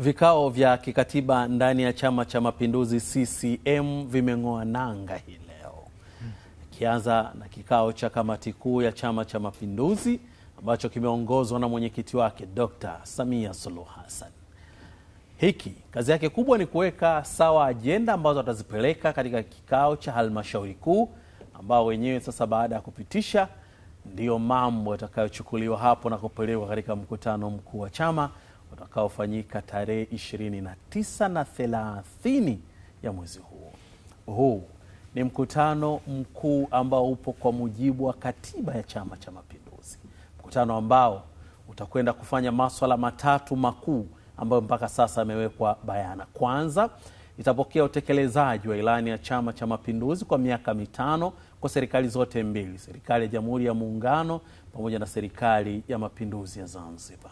Vikao vya kikatiba ndani ya Chama cha Mapinduzi CCM vimeng'oa nanga hii leo, ikianza na kikao cha kamati kuu ya Chama cha Mapinduzi ambacho kimeongozwa na mwenyekiti wake Dr. Samia Suluhu Hassan. Hiki kazi yake kubwa ni kuweka sawa ajenda ambazo atazipeleka katika kikao cha halmashauri kuu, ambao wenyewe sasa baada ya kupitisha ndiyo mambo yatakayochukuliwa hapo na kupelekwa katika mkutano mkuu wa chama utakaofanyika tarehe 29 na 30 ya mwezi huu. Huu ni mkutano mkuu ambao upo kwa mujibu wa katiba ya Chama cha Mapinduzi, mkutano ambao utakwenda kufanya maswala matatu makuu ambayo mpaka sasa yamewekwa bayana. Kwanza, itapokea utekelezaji wa ilani ya Chama cha Mapinduzi kwa miaka mitano kwa serikali zote mbili, serikali ya Jamhuri ya Muungano pamoja na serikali ya Mapinduzi ya Zanzibar.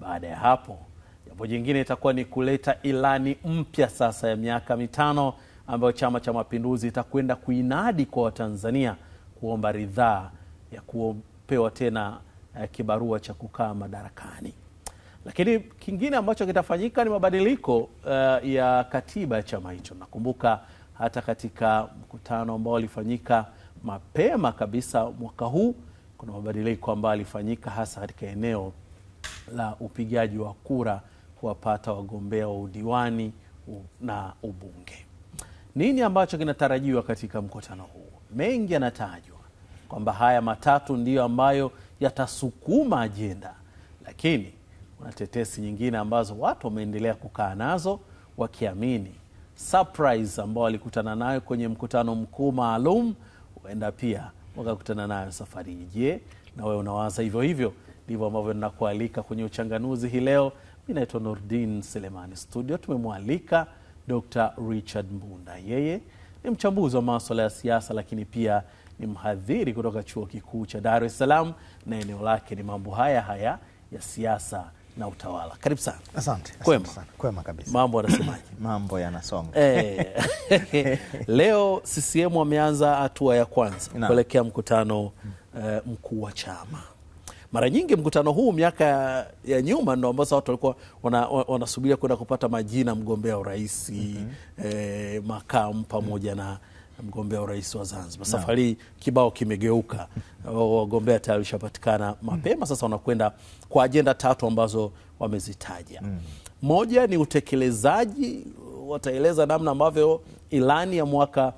Baada ya hapo, jambo jingine itakuwa ni kuleta ilani mpya sasa ya miaka mitano ambayo Chama cha Mapinduzi itakwenda kuinadi kwa Watanzania kuomba ridhaa ya kupewa tena eh, kibarua cha kukaa madarakani. Lakini kingine ambacho kitafanyika ni mabadiliko uh, ya katiba ya chama hicho. Nakumbuka hata katika mkutano ambao alifanyika mapema kabisa mwaka huu, kuna mabadiliko ambayo alifanyika hasa katika eneo la upigaji wa kura kuwapata wagombea wa udiwani na ubunge. Nini ambacho kinatarajiwa katika mkutano huu? Mengi yanatajwa kwamba haya matatu ndiyo ambayo yatasukuma ajenda, lakini kuna tetesi nyingine ambazo watu wameendelea kukaa nazo wakiamini surprise ambao walikutana nayo kwenye mkutano mkuu maalum, huenda pia wakakutana nayo safari Je, na wewe unawaza hivyo hivyo? ndivyo ambavyo ninakualika kwenye uchanganuzi hii leo. Mi naitwa Nordin Selemani. Studio tumemwalika Dr Richard Mbunda, yeye ni mchambuzi wa maswala ya siasa, lakini pia ni mhadhiri kutoka chuo kikuu cha Dar es Salaam na eneo lake ni mambo haya haya ya siasa na utawala. Karibu sana. Asante, asante kwema. Sana. Kwema kabisa. Mambo Mambo yanasonga. E, leo CCM wameanza hatua ya kwanza kuelekea mkutano uh, mkuu wa chama mara nyingi mkutano huu miaka ya nyuma ndo ambazo watu walikuwa wanasubiria kwenda kupata majina mgombea urais mm -hmm. eh, makamu pamoja mm -hmm. na mgombea urais wa Zanzibar. Safari hii kibao kimegeuka, wagombea tayari alishapatikana mapema. Sasa wanakwenda kwa ajenda tatu ambazo wamezitaja. Mm. Moja ni utekelezaji, wataeleza namna ambavyo ilani ya mwaka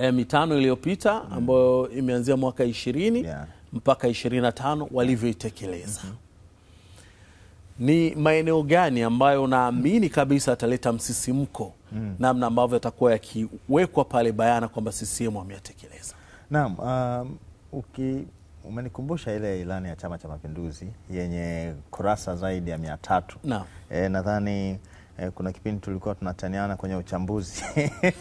eh, mitano iliyopita mm. ambayo imeanzia mwaka ishirini yeah mpaka 25 walivyoitekeleza. Ni maeneo gani ambayo naamini kabisa ataleta msisimko hmm. namna ambavyo yatakuwa yakiwekwa pale bayana kwamba CCM ameyatekeleza? Naam, um, uki umenikumbusha ile ilani ya Chama cha Mapinduzi yenye kurasa zaidi ya mia tatu. Naam. E, nadhani eh, kuna kipindi tulikuwa tunataniana kwenye uchambuzi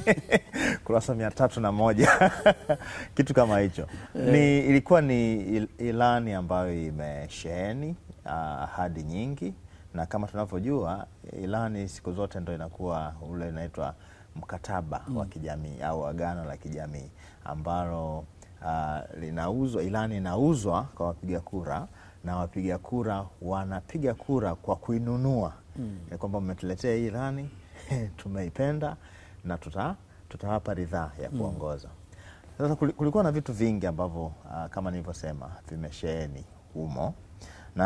kurasa mia tatu na moja kitu kama hicho eh. ni, ilikuwa ni ilani ambayo imesheheni ah, ahadi uh, nyingi na kama tunavyojua ilani siku zote ndo inakuwa ule inaitwa mkataba mm. wa kijamii au agano la kijamii ambalo uh, linauzwa, ilani inauzwa kwa wapiga kura na wapiga kura wanapiga kura kwa kuinunua mm. ya kwamba mmetuletea hii ilani tumeipenda na tuta, tutawapa ridhaa ya hmm. kuongoza mm. Sasa kulikuwa na vitu vingi ambavyo uh, kama nilivyosema vimesheheni humo na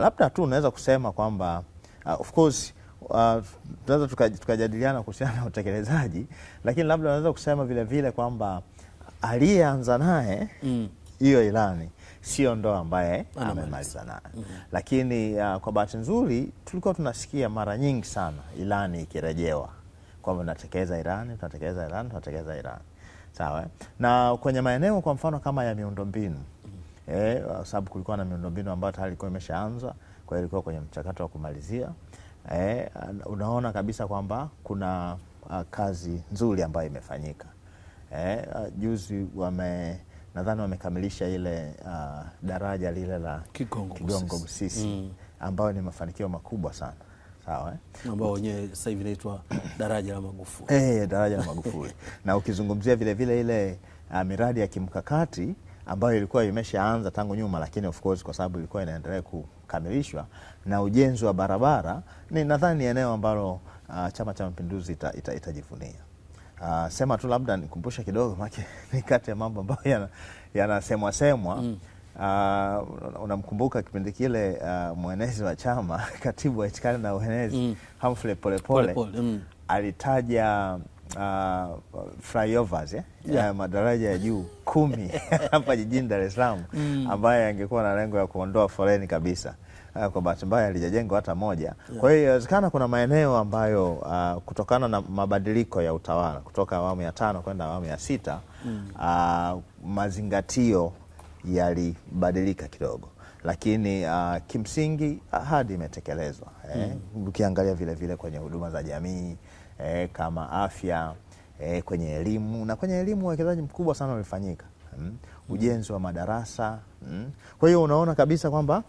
labda tu unaweza kusema kwamba uh, of course ah, tunaweza uh, tukajadiliana kuhusiana na utekelezaji, lakini labda unaweza kusema vilevile kwamba aliyeanza naye hmm. hiyo mm. ilani sio ndoa ambaye amemaliza nayo mm -hmm. Lakini uh, kwa bahati nzuri tulikuwa tunasikia mara nyingi sana ilani ikirejewa kwamba tunatekeleza ilani, tunatekeleza ilani, tunatekeleza ilani, sawa. Na kwenye maeneo kwa mfano kama ya miundombinu mm -hmm. eh, kwa sababu kulikuwa na miundombinu ambayo tayari ilikuwa imeshaanza, kwa hiyo ilikuwa kwenye mchakato wa kumalizia eh, unaona kabisa kwamba kuna uh, kazi nzuri ambayo imefanyika eh, uh, juzi wame nadhani wamekamilisha ile uh, daraja lile la Kigongo, Kigongo Busisi mm. ambayo ni mafanikio makubwa sana sawa eh? ambao wenyewe sasa hivi inaitwa daraja la Magufuli eh, eh daraja la Magufuli na ukizungumzia vile vile ile uh, miradi ya kimkakati ambayo ilikuwa imeshaanza tangu nyuma, lakini of course kwa sababu ilikuwa inaendelea kukamilishwa na ujenzi wa barabara, ni nadhani eneo ambalo uh, Chama cha Mapinduzi itajivunia ita, ita Uh, sema tu labda nikumbushe kidogo maki ni kati ya mambo ambayo yanasemwa semwa mm. Uh, unamkumbuka kipindi kile uh, mwenezi wa chama katibu wa itikadi na uenezi mm. Humphrey Polepole pole, pole. mm. alitaja uh, flyovers eh? yeah. Yeah, uh, madaraja ya juu kumi hapa jijini Dar es Salaam mm. ambayo yangekuwa na lengo ya kuondoa foleni kabisa uh, kwa bahati mbaya halijajengwa hata moja. Yeah. Kwa hiyo inawezekana kuna maeneo ambayo uh, kutokana na mabadiliko ya utawala kutoka awamu ya tano kwenda awamu ya sita mm. uh, mazingatio yalibadilika kidogo, lakini uh, kimsingi ahadi imetekelezwa eh. mm. Ukiangalia vile vile kwenye huduma za jamii e, kama afya e, kwenye elimu na kwenye elimu uwekezaji mkubwa sana umefanyika mm. ujenzi wa madarasa mm. Kwa hiyo unaona kabisa kwamba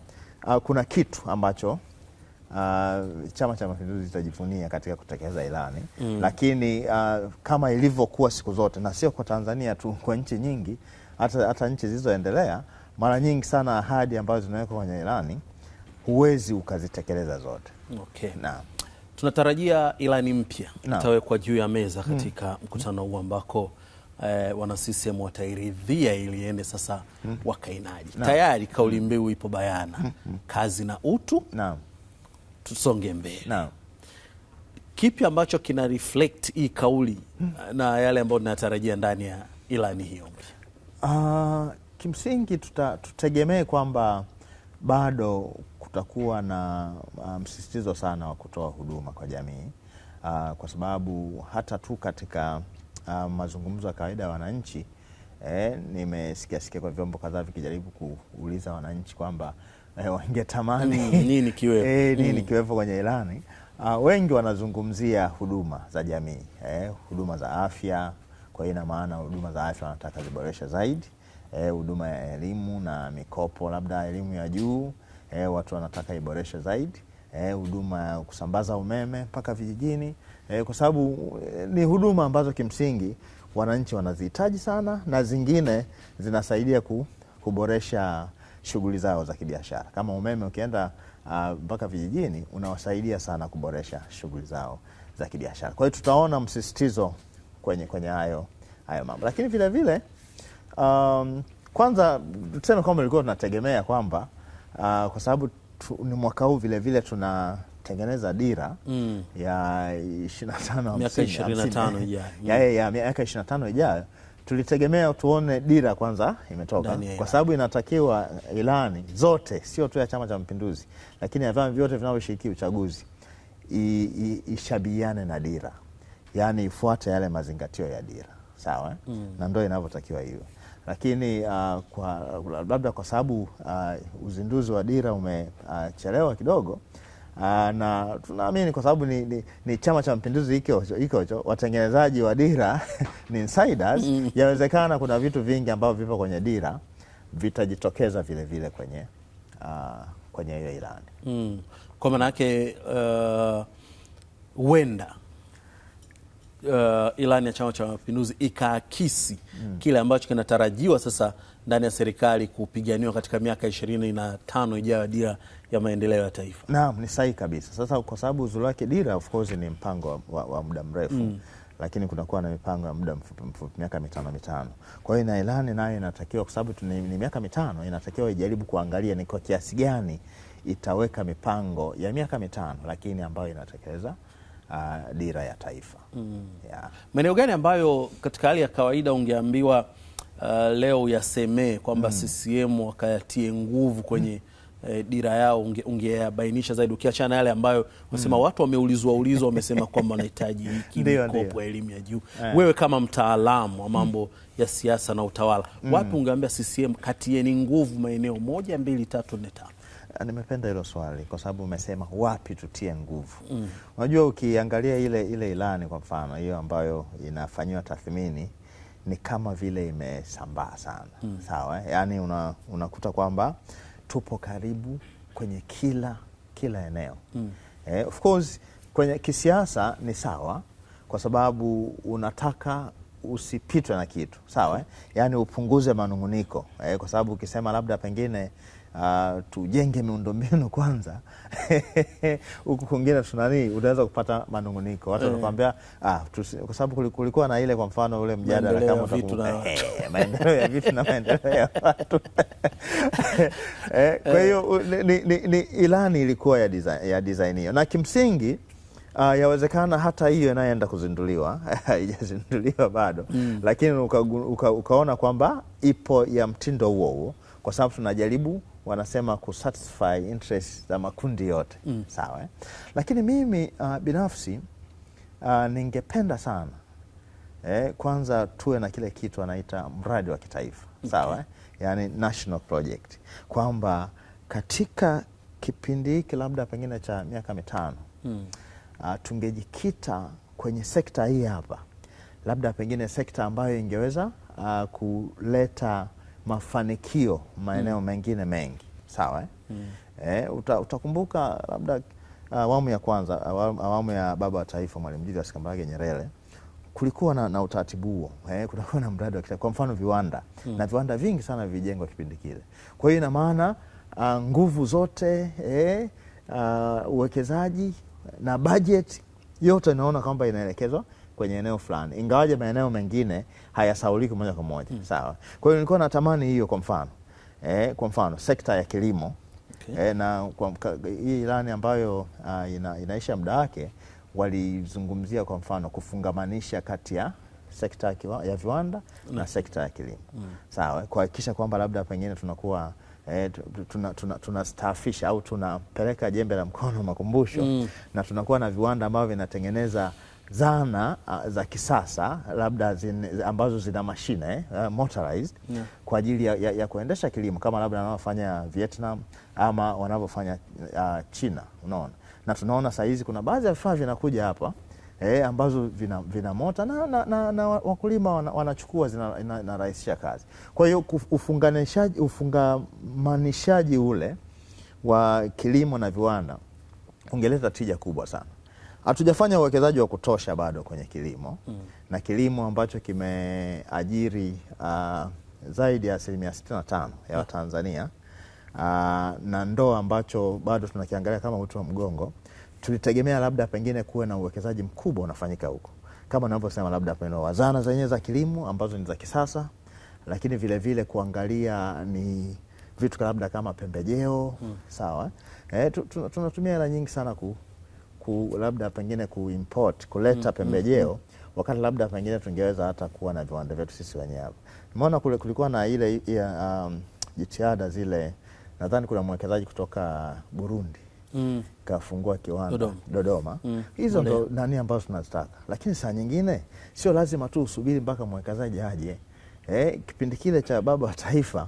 uh, kuna kitu ambacho Uh, Chama cha Mapinduzi itajivunia katika kutekeleza ilani mm. Lakini uh, kama ilivyokuwa siku zote na sio kwa Tanzania tu, kwa nchi nyingi, hata, hata nchi zilizoendelea, mara nyingi sana ahadi ambazo zinawekwa kwenye ilani huwezi ukazitekeleza zote. Okay. Naam. Tunatarajia ilani mpya itawekwa juu ya meza hmm. katika mm. mkutano huu ambako eh, wana CCM watairidhia ili sasa mm. wakainaji. Tayari kauli hmm. mbiu ipo bayana mm. kazi na utu na. tusonge mbele na. Kipi ambacho kina reflect hii kauli mm. na yale ambayo tunatarajia ndani ya ilani hiyo mpya? Uh, kimsingi tutategemee kwamba bado tutakuwa na uh, msisitizo um, sana wa kutoa huduma kwa jamii uh, kwa sababu hata tu katika uh, mazungumzo ya kawaida ya wananchi eh, nimesikiasikia kwa vyombo kadhaa vikijaribu kuuliza wananchi kwamba eh, wangetamani mm, nini kiwepo eh, nini mm. kiwepo kwenye ilani uh, wengi wanazungumzia huduma za jamii eh, huduma za afya. Kwa hiyo ina maana huduma za afya wanataka ziboreshe zaidi eh, huduma e, ya elimu na mikopo labda elimu ya juu e, watu wanataka iboreshe zaidi eh, huduma e, ya kusambaza umeme mpaka vijijini e, kwa sababu e, ni huduma ambazo kimsingi wananchi wanazihitaji sana na zingine zinasaidia ku, kuboresha shughuli zao za kibiashara. Kama umeme ukienda ah, mpaka uh, vijijini unawasaidia sana kuboresha shughuli zao za kibiashara. Kwa hiyo tutaona msisitizo kwenye, kwenye hayo, hayo mambo, lakini vilevile vile, um, kwanza tuseme kwamba ilikuwa tunategemea kwamba uh, kwa sababu ni mwaka huu vile vile tunatengeneza dira mm. ya 25 miaka 25 ijayo ya, ya miaka 25 ijayo tulitegemea tuone dira kwanza imetoka kwa sababu inatakiwa ilani zote, sio tu ya Chama cha Mapinduzi, lakini ya vyama vyote vinavyoshiriki uchaguzi ishabiane na dira, yaani ifuate yale mazingatio ya dira. Sawa mm. na ndio inavyotakiwa hiyo lakini uh, kwa labda kwa sababu uh, uzinduzi wa dira umechelewa uh, kidogo uh, na tunaamini kwa sababu ni, ni, ni Chama cha Mapinduzi hikocho watengenezaji wa dira ni insiders mm. Yawezekana kuna vitu vingi ambavyo vipo kwenye dira vitajitokeza vilevile vile kwenye uh, kwenye hiyo ilani mm. Kwa maana yake uh, huenda uh, uh, ilani ya Chama cha Mapinduzi ikaakisi mm. kile ambacho kinatarajiwa sasa ndani ya serikali kupiganiwa katika miaka ishirini na tano ijayo dira ya maendeleo ya taifa. Naam, ni sahihi kabisa. Sasa kwa sababu uzuri wake dira of course ni mpango wa, wa, wa muda mrefu mm. lakini kunakuwa na mipango ya muda mfupi mfupi, miaka mitano mitano. Kwa hiyo na ilani nayo inatakiwa, kwa sababu ni miaka mitano, inatakiwa ijaribu kuangalia ni kwa kiasi gani itaweka mipango ya miaka mitano, lakini ambayo inatekeleza uh, dira ya taifa mm. yeah. Maeneo gani ambayo katika hali ya kawaida ungeambiwa uh, leo uyasemee kwamba mm. CCM wakayatie nguvu kwenye mm eh, dira yao ungeyabainisha unge zaidi, ukiachana na yale ambayo unasema mm. watu wameulizwa ulizwa wamesema kwamba wanahitaji hiki mkopo elimu ya juu yeah. Wewe kama mtaalamu wa mambo mm. ya siasa na utawala mm. wapi ungeambia CCM katieni nguvu maeneo moja, mbili, tatu, nne, tano? Ah, nimependa hilo swali kwa sababu umesema wapi tutie nguvu. Mm. Unajua, ukiangalia ile ile ilani kwa mfano hiyo ambayo inafanyiwa tathmini ni kama vile imesambaa sana. Mm. Sawa, yaani una, unakuta kwamba tupo karibu kwenye kila kila eneo. Mm. Eh, of course kwenye kisiasa ni sawa kwa sababu unataka usipitwe na kitu sawa, eh? yaani upunguze manung'uniko eh, kwa sababu ukisema labda pengine Uh, tujenge miundombinu kwanza. Huku kwingine tunani utaweza kupata manunguniko watu eh. wanakuambia Ah, kwa sababu kulikuwa na ile, kwa mfano ule mjadala kama eh, maendeleo ya vitu na maendeleo ya watu eh, kwa hiyo ni, ni, ni ilani ilikuwa ya design, ya design hiyo na kimsingi Uh, yawezekana hata hiyo inayoenda kuzinduliwa haijazinduliwa bado mm. Lakini uka, uka, ukaona kwamba ipo ya mtindo huo huo kwa sababu tunajaribu wanasema kusatisfy interest za makundi yote mm. Sawa eh? Lakini mimi uh, binafsi uh, ningependa sana eh, kwanza tuwe na kile kitu anaita mradi wa kitaifa okay. Sawa eh? Yani national project kwamba katika kipindi hiki labda pengine cha miaka mitano mm. uh, tungejikita kwenye sekta hii hapa, labda pengine sekta ambayo ingeweza uh, kuleta mafanikio maeneo mm. mengine mengi sawa eh? mm. E, uta, utakumbuka labda uh, awamu ya kwanza awamu ya baba wa taifa Mwalimu Julius Kambarage Nyerere kulikuwa na, na utaratibu huo eh, kulikuwa na mradi wa kwa mfano viwanda mm. na viwanda vingi sana vilijengwa kipindi kile. Kwa hiyo ina maana uh, nguvu zote eh, uh, uwekezaji na bajeti yote inaona kwamba inaelekezwa kwenye eneo fulani, ingawaje maeneo mengine hayasauliki moja kwa moja mm. Sawa. Kwa hiyo nilikuwa natamani hiyo, kwa mfano e, kwa mfano sekta ya kilimo okay. E, na kwa, hii ilani ambayo uh, ina, inaisha muda wake walizungumzia kwa mfano kufungamanisha kati ya sekta ya viwanda mm. na hmm. sekta ya kilimo mm. Sawa, kuhakikisha kwamba labda pengine tunakuwa E, eh, tunastaafisha tuna, tuna au tunapeleka jembe la mkono makumbusho mm. na tunakuwa na viwanda ambavyo vinatengeneza zana uh, za kisasa labda zin, ambazo zina mashine uh, motorized yeah. kwa ajili ya, ya, ya kuendesha kilimo kama labda wanavyofanya Vietnam ama wanavyofanya uh, China, unaona, na tunaona saa hizi kuna baadhi ya vifaa vinakuja hapa eh, ambazo vina, vina mota na, na, na, na wakulima wanachukua zinarahisisha kazi. Kwa hiyo ufunganishaji, ufungamanishaji ule wa kilimo na viwanda ungeleta tija kubwa sana hatujafanya uwekezaji wa kutosha bado kwenye kilimo mm. na kilimo ambacho kimeajiri uh, zaidi ya asilimia 65 ya hmm. Watanzania uh, na ndo ambacho bado tunakiangalia kama uti wa mgongo. Tulitegemea labda pengine kuwe na uwekezaji mkubwa unafanyika huko, kama unavyosema, labda pengine wazana zenyewe za kilimo ambazo ni za kisasa, lakini vile vile kuangalia ni vitu labda kama pembejeo mm. sawa eh, tunatumia hela nyingi sana ku ku, labda pengine kuimport kuleta mm, mm pembejeo mm, mm. wakati labda pengine tungeweza hata kuwa na viwanda vyetu sisi wenyewe. Nimeona kule kulikuwa na ile um, jitihada zile, nadhani kuna mwekezaji kutoka Burundi mm. kafungua kiwanda Dodoma, Dodoma. Mm. hizo ndo nani ambazo tunazitaka, lakini saa nyingine sio lazima tu usubiri mpaka mwekezaji aje. Eh, kipindi kile cha baba wa taifa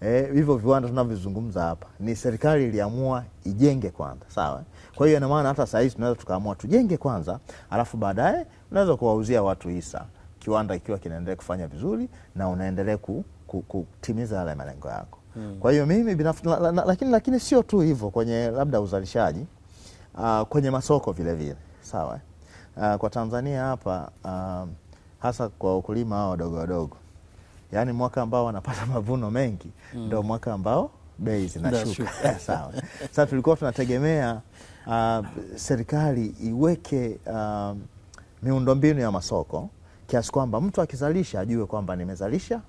Eh, hivyo eh, viwanda tunavyozungumza hapa ni serikali iliamua ijenge kwanza, sawa. Kwa hiyo ina maana hata saa hizi tunaweza tukaamua tujenge kwanza, alafu baadaye unaweza kuwauzia watu hisa, kiwanda ikiwa kinaendelea kufanya vizuri na unaendelea ku, ku, ku, kutimiza yale malengo yako hmm. Kwa hiyo mimi binafsi la, la, la, lakini, lakini sio tu hivyo kwenye labda uzalishaji uh, kwenye masoko vilevile Sawa uh, kwa Tanzania hapa uh, hasa kwa wakulima hao wadogo wadogo yaani mwaka ambao wanapata mavuno mengi mm. ndo mwaka ambao bei zinashuka. Eh, sawa. Sasa tulikuwa tunategemea uh, serikali iweke uh, miundombinu ya masoko kiasi kwamba mtu akizalisha ajue kwamba nimezalisha,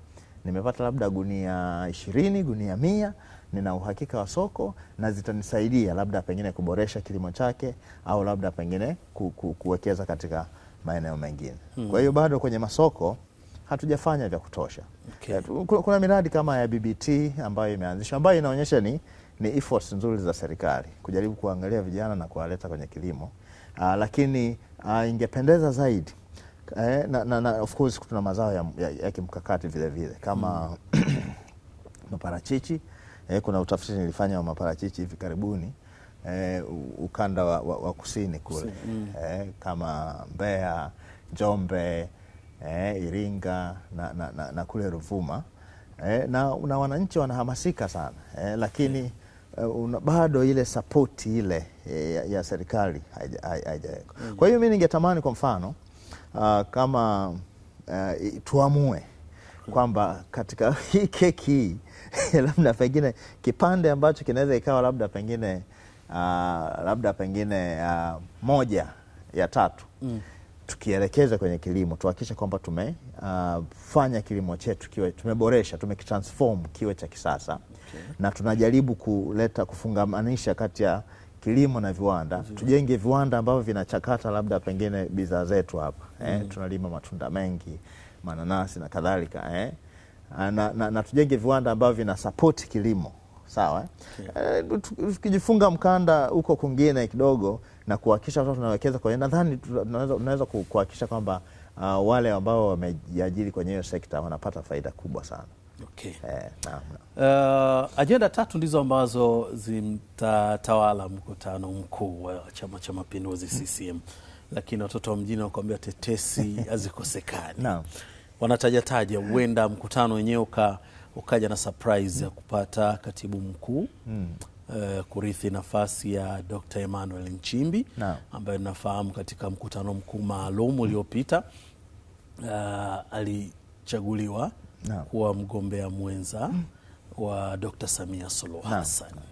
nimepata labda gunia ishirini, gunia mia, nina uhakika wa soko na zitanisaidia labda pengine kuboresha kilimo chake au labda pengine ku, ku, kuwekeza katika maeneo mengine. Hmm. Kwa hiyo bado kwenye masoko hatujafanya vya kutosha. Okay. Eh, kuna miradi kama ya BBT ambayo imeanzishwa ambayo inaonyesha ni, ni efforts nzuri za serikali kujaribu kuangalia vijana na kuwaleta kwenye kilimo. Uh, lakini uh, ingependeza zaidi eh, na, na, na, of course tuna mazao ya, ya, ya kimkakati vile vile kama mm. maparachichi eh, kuna utafiti nilifanya wa maparachichi hivi karibuni eh, ukanda wa, wa, wa kusini kule mm. eh, kama Mbeya, Njombe eh, Iringa na, na, na, na kule Ruvuma eh, na, na wananchi wanahamasika sana eh, lakini eh, una, bado ile sapoti ile eh, ya, ya serikali mm. Kwa hiyo mimi ningetamani kwa mfano uh, kama uh, tuamue kwamba katika hii keki hii labda pengine kipande ambacho kinaweza ikawa labda pengine uh, labda pengine uh, moja ya tatu mm tukielekeza kwenye kilimo tuhakikishe kwamba tumefanya uh, kilimo chetu kiwe tumeboresha, tumekitransform kiwe cha kisasa okay. Na tunajaribu kuleta kufungamanisha kati ya kilimo na viwanda mm -hmm. Tujenge viwanda ambavyo vinachakata labda pengine bidhaa zetu hapa eh, mm -hmm. Eh, tunalima matunda mengi mananasi na kadhalika eh. Na, na, na tujenge viwanda ambavyo vinasapoti kilimo sawa eh? Okay. Eh, tukijifunga mkanda huko kwingine kidogo na kuhakikisha watoto tunawekeza kwenye, nadhani tunaweza kuhakikisha kwamba uh, wale ambao wamejiajiri kwenye hiyo sekta wanapata faida kubwa sana. Okay. Eh, Uh, ajenda tatu ndizo ambazo zimtatawala mkutano mkuu wa Chama cha Mapinduzi CCM hmm. lakini watoto wa mjini wanakuambia tetesi hazikosekani. Wanatajataja huenda mkutano wenyewe uka ukaja na surprise ya kupata katibu mkuu mm. Uh, kurithi nafasi ya Dr. Emmanuel Nchimbi no. ambaye tunafahamu katika mkutano mkuu maalum uliopita uh, alichaguliwa no. kuwa mgombea mwenza mm. wa Dr. Samia Suluhu Hassan no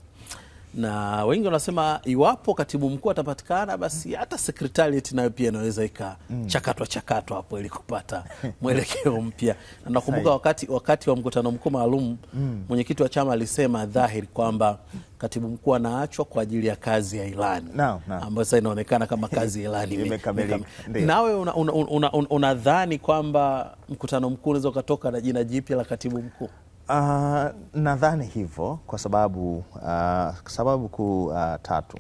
na wengi wanasema iwapo katibu mkuu atapatikana, basi hata sekretariat nayo pia inaweza ikachakatwa chakatwa hapo ili kupata mwelekeo mpya. Na nakumbuka wakati, wakati wa mkutano mkuu maalum mm. mwenyekiti wa chama alisema dhahiri kwamba katibu mkuu anaachwa kwa ajili ya kazi ya ilani no, no. ambayo sasa inaonekana kama kazi ya ilani imekamilika. Nawe unadhani una, una, una, una kwamba mkutano mkuu unaweza ukatoka na jina jipya la katibu mkuu? Uh, nadhani hivyo kwa sababu uh, sababu kuu uh, tatu.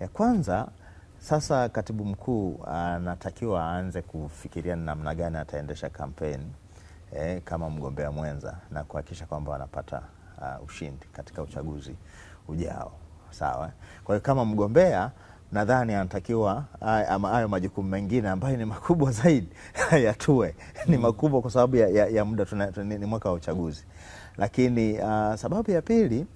Ya kwanza sasa katibu mkuu anatakiwa uh, aanze kufikiria ni namna gani ataendesha kampeni eh, kama mgombea mwenza na kuhakikisha kwamba wanapata uh, ushindi katika uchaguzi ujao. Sawa. Kwa hiyo kama mgombea nadhani anatakiwa ama hayo majukumu mengine ambayo ni makubwa zaidi yatue ni mm. makubwa kwa sababu ya, ya, ya muda tuna, tuna, ni mwaka wa uchaguzi. Lakini uh, sababu ya pili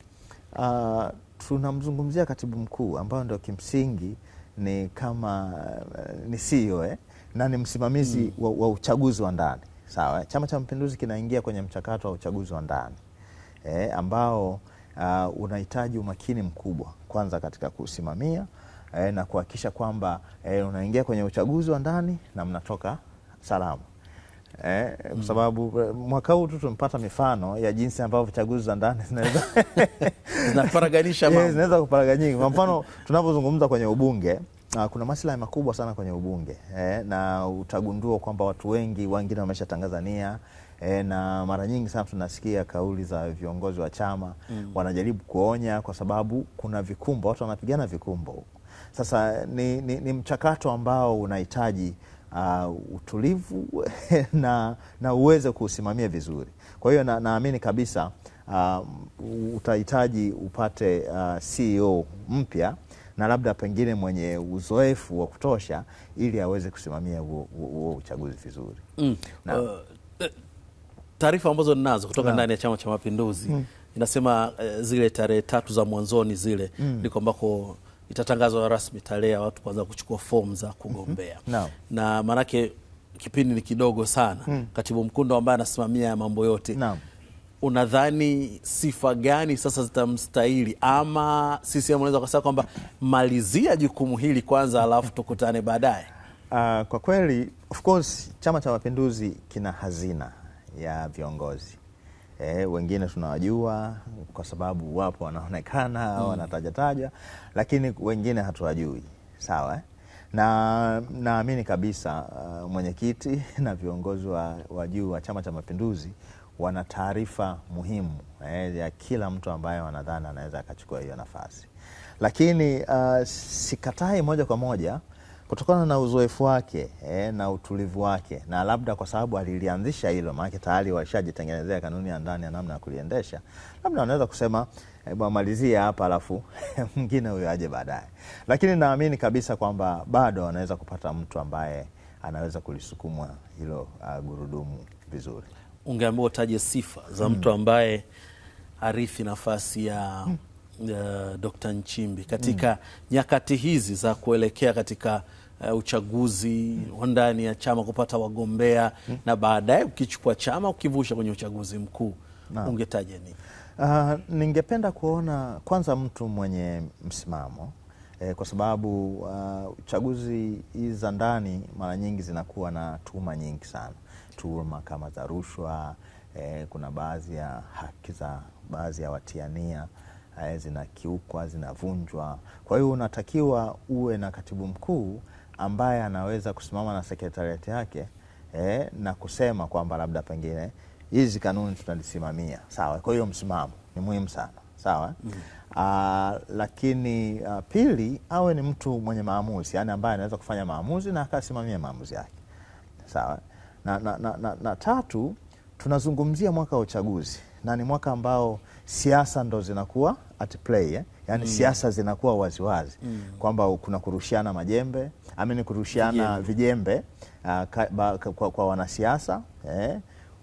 uh, tunamzungumzia katibu mkuu ambayo ndio kimsingi ni kama eh, ni CEO eh, na ni msimamizi mm. wa, wa uchaguzi wa ndani sawa. Eh? Chama cha Mapinduzi kinaingia kwenye mchakato wa uchaguzi wa ndani eh, ambao uh, unahitaji umakini mkubwa kwanza katika kusimamia eh, na kuhakikisha kwamba eh, unaingia kwenye uchaguzi wa ndani na mnatoka salama. Eh, Kwa mm. sababu eh, mwaka huu tu tumepata mifano ya jinsi ambavyo chaguzi za ndani zinaweza zinaparaganisha mambo. Zinaweza kuparaganyika. Kwa mfano tunapozungumza kwenye ubunge Uh, kuna maslahi makubwa sana kwenye ubunge eh, na utagundua kwamba watu wengi wengine wameshatangaza nia eh, na mara nyingi sana tunasikia kauli za viongozi wa chama mm. wanajaribu kuonya kwa sababu kuna vikumbo, watu wanapigana vikumbo sasa ni, ni, ni mchakato ambao unahitaji uh, utulivu na, na uweze kuusimamia vizuri. Kwa hiyo na, naamini kabisa uh, utahitaji upate uh, CEO mpya na labda pengine mwenye uzoefu wa kutosha ili aweze kusimamia huo uchaguzi vizuri. Mm. Uh, taarifa ambazo ninazo kutoka ndani ya Chama cha Mapinduzi mm. inasema uh, zile tarehe tatu za mwanzoni zile mm. ndiko ambako itatangazwa rasmi tarehe ya watu kuanza kuchukua fomu za kugombea mm -hmm. na maanake kipindi ni kidogo sana mm. Katibu mkuu ndo ambaye anasimamia mambo yote no. Unadhani sifa gani sasa zitamstahili, ama CCM unaweza kusema kwamba malizia jukumu hili kwanza, alafu tukutane baadaye? Uh, kwa kweli of course Chama cha Mapinduzi kina hazina ya viongozi eh, wengine tunawajua kwa sababu wapo wanaonekana au mm. wanatajataja, lakini wengine hatuwajui sawa eh? na naamini kabisa uh, mwenyekiti na viongozi wa, wa juu wa Chama cha Mapinduzi wana taarifa muhimu eh, ya kila mtu ambaye wanadhani anaweza akachukua hiyo nafasi, lakini uh, sikatai moja kwa moja kutokana na uzoefu wake eh, na utulivu wake, na labda kwa sababu alilianzisha hilo, maanake tayari washajitengenezea kanuni ya ndani ya namna ya kuliendesha, labda wanaweza kusema eh, amalizie hapa alafu mwingine huyo aje baadaye, lakini naamini kabisa kwamba bado wanaweza kupata mtu ambaye anaweza kulisukumwa hilo uh, gurudumu vizuri. Ungeambiwa utaje sifa za hmm. mtu ambaye arithi nafasi ya hmm uh, Dr. Nchimbi katika mm. nyakati hizi za kuelekea katika uh, uchaguzi wa mm. ndani ya chama kupata wagombea mm. na baadaye ukichukua chama ukivusha kwenye uchaguzi mkuu Ungetaja nini? Uh, ningependa kuona kwanza mtu mwenye msimamo eh, kwa sababu uh, chaguzi hizi za ndani mara nyingi zinakuwa na tuhuma nyingi sana, tuhuma kama za rushwa eh, kuna baadhi ya haki za baadhi ya watiania Eh, zinakiukwa, zinavunjwa. Kwa hiyo unatakiwa uwe na katibu mkuu ambaye anaweza kusimama na sekretariati yake eh, na kusema kwamba labda pengine hizi kanuni tunazisimamia sawa. Kwa hiyo msimamo ni muhimu sana sawa. mm. Uh, lakini uh, pili awe ni mtu mwenye maamuzi, yani ambaye anaweza kufanya maamuzi na akasimamia maamuzi yake sawa. Na, na, na, na, na tatu tunazungumzia mwaka wa uchaguzi na ni mwaka ambao siasa ndo zinakuwa at play eh? Yani mm. siasa zinakuwa waziwazi mm. kwamba kuna kurushiana majembe amini kurushiana vijembe, vijembe uh, ka, ba, kwa, kwa wanasiasa eh?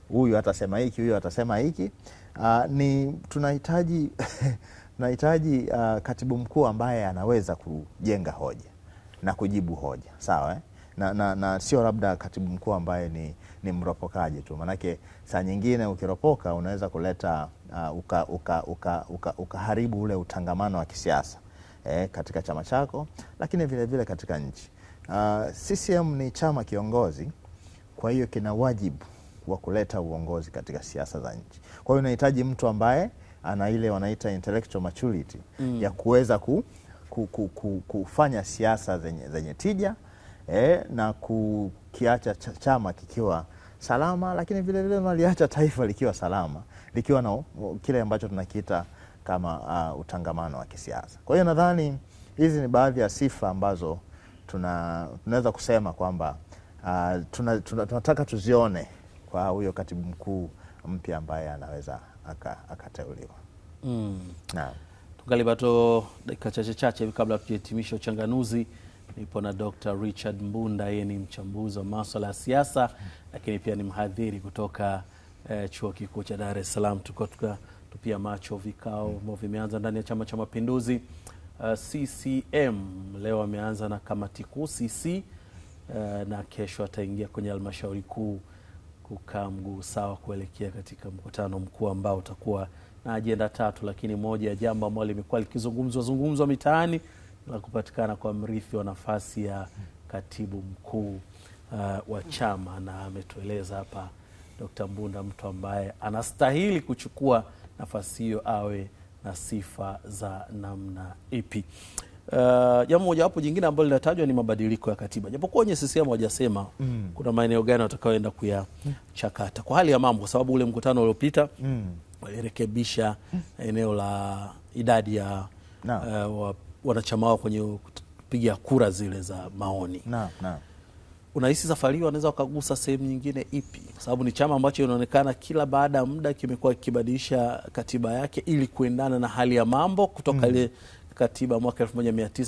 huyu eh? atasema hiki huyu atasema hiki uh, ni tunahitaji tunahitaji uh, katibu mkuu ambaye anaweza kujenga hoja na kujibu hoja sawa eh? na, na, na sio labda katibu mkuu ambaye ni, ni mropokaji tu, manake saa nyingine ukiropoka unaweza kuleta uh, ukaharibu uka, uka, uka, uka ule utangamano wa kisiasa eh, katika chama chako, lakini vilevile vile katika nchi uh, CCM ni chama kiongozi, kwa hiyo kina wajibu wa kuleta uongozi katika siasa za nchi. Kwa hiyo unahitaji mtu ambaye ana ile wanaita intellectual maturity mm. ya kuweza ku, ku, ku, ku, kufanya siasa zenye, zenye tija eh, na kukiacha chama kikiwa salama, lakini vilevile unaliacha taifa likiwa salama likiwa na kile ambacho tunakiita kama uh, utangamano wa kisiasa. Kwa hiyo nadhani hizi ni baadhi ya sifa ambazo tuna, tunaweza kusema kwamba uh, tuna, tuna, tunataka tuzione kwa huyo katibu mkuu mpya ambaye anaweza akateuliwa aka mm. Tukalibato dakika chache chache kabla tujahitimisha uchanganuzi nipo na Dr. Richard Mbunda, yeye ni mchambuzi wa masuala ya siasa, lakini pia ni mhadhiri kutoka eh, chuo kikuu cha Dar es Salaam. Tuko tupia macho vikao mbao vimeanza ndani ya Chama cha Mapinduzi uh, eh, CCM leo ameanza na kamati kuu CC uh, eh, na kesho ataingia kwenye halmashauri kuu kukaa mguu sawa kuelekea katika mkutano mkuu ambao utakuwa na ajenda tatu, lakini moja ya jambo ambalo limekuwa likizungumzwa zungumzwa mitaani la kupatikana kwa mrithi wa nafasi ya katibu mkuu uh, wa chama, na ametueleza hapa Dr. Mbunda mtu ambaye anastahili kuchukua nafasi hiyo awe na sifa za namna ipi? Uh, jambo mojawapo jingine ambalo linatajwa ni mabadiliko ya katiba, japokuwa wenye CCM wajasema mm. kuna maeneo gani watakaoenda kuyachakata kwa hali ya mambo, kwa sababu ule mkutano uliopita mm. walirekebisha eneo la idadi ya no. uh, wanachama wao kwenye kupiga kura zile za maoni no, no. Unahisi safari hiyo wanaweza wakagusa sehemu nyingine ipi? Kwa sababu ni chama ambacho inaonekana kila baada ya muda kimekuwa kikibadilisha katiba yake ili kuendana na hali ya mambo kutoka mm. ile mm. katiba mwaka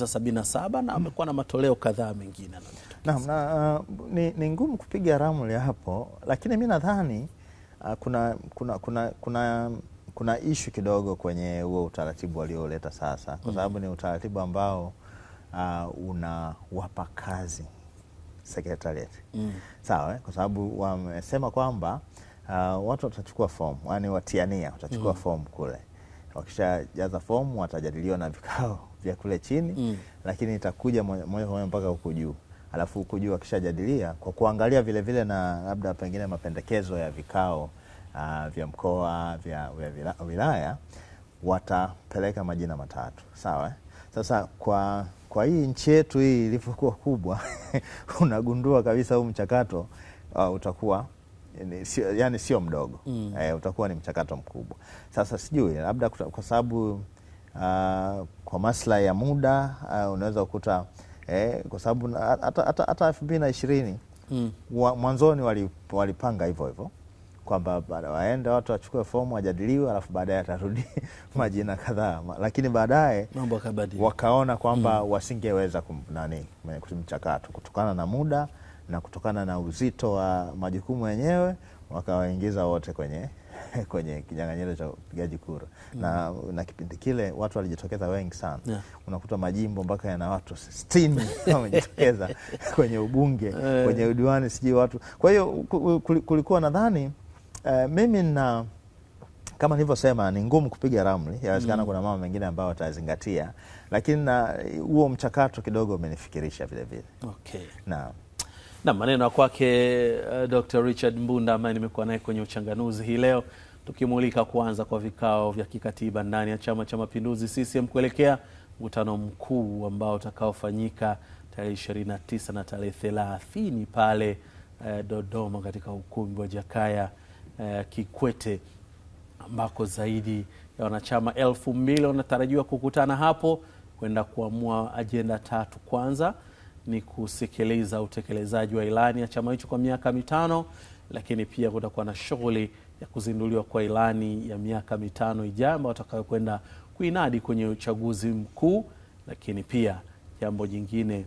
sabini na mm. amekuwa mm. na matoleo kadhaa mengine. Naam, na uh, ni, ni ngumu kupiga ramli hapo, lakini mi nadhani uh, kuna, kuna, kuna, kuna kuna ishu kidogo kwenye huo utaratibu walioleta sasa, kwa mm. sababu ni utaratibu ambao uh, unawapa kazi secretariat mm. Sawa, eh? kwa sababu wamesema kwamba uh, watu watachukua fomu, yani watiania watachukua mm. fomu kule, wakishajaza fomu watajadiliwa na vikao vya kule chini mm. lakini itakuja moja kwa moja mpaka huku juu alafu huku juu wakishajadilia kwa kuangalia vilevile vile na labda pengine mapendekezo ya vikao uh, vya mkoa vya, vya wilaya watapeleka majina matatu sawa. Eh? Sasa kwa kwa hii nchi yetu hii ilivyokuwa kubwa unagundua kabisa huu mchakato uh, utakuwa sio, yani sio mdogo mm. E, utakuwa ni mchakato mkubwa. Sasa sijui labda kwa sababu uh, kwa maslahi ya muda uh, unaweza kukuta eh, kwa sababu hata elfu mbili na ishirini mm. mwanzoni walipanga wali hivyo hivyo kwamba waende watu wachukue fomu wajadiliwe, alafu baadaye atarudi majina kadhaa, lakini baadaye wakaona kwamba mm. wasingeweza nani mchakato kutokana na muda na kutokana na uzito wa majukumu yenyewe, wakawaingiza wote kwenye kwenye kinyang'anyiro cha upigaji kura mm. na, na kipindi kile watu walijitokeza wengi sana yeah. Unakuta majimbo mpaka yana watu sitini wamejitokeza kwenye ubunge eh. kwenye udiwani sijui watu. Kwa hiyo kulikuwa nadhani Eh, mimi na kama nilivyosema ni ngumu kupiga ramli, yawezekana mm. kuna mama mengine ambayo watazingatia, lakini na huo mchakato kidogo umenifikirisha vilevile. Okay. na Na maneno ya kwake uh, Dr. Richard Mbunda ambaye nimekuwa naye kwenye uchanganuzi hii leo tukimulika kuanza kwa vikao vya kikatiba ndani ya Chama cha Mapinduzi CCM kuelekea mkutano mkuu ambao utakaofanyika tarehe 29 na tarehe 30 pale uh, Dodoma katika ukumbi wa Jakaya eh, Kikwete ambako zaidi ya wanachama elfu mbili wanatarajiwa kukutana hapo kwenda kuamua ajenda tatu. Kwanza ni kusikiliza utekelezaji wa ilani ya chama hicho kwa miaka mitano, lakini pia kutakuwa na shughuli ya kuzinduliwa kwa ilani ya miaka mitano ijayo ambayo watakayokwenda kuinadi kwenye uchaguzi mkuu. Lakini pia jambo jingine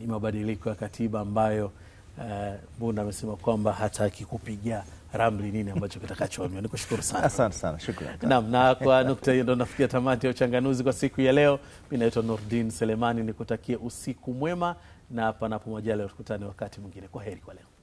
ni mabadiliko ya katiba ambayo eh, Mbunda eh, amesema kwamba hataki kupiga Ramli nini ambacho ni kushukuru sana. Asante sana, shukrani. nam. na kwa nukta hiyo ndo nafikia tamati ya uchanganuzi kwa siku ya leo. Mimi naitwa Nurdin Selemani, nikutakie usiku mwema na panapo majaliwa tukutane wakati mwingine. Kwa heri kwa leo.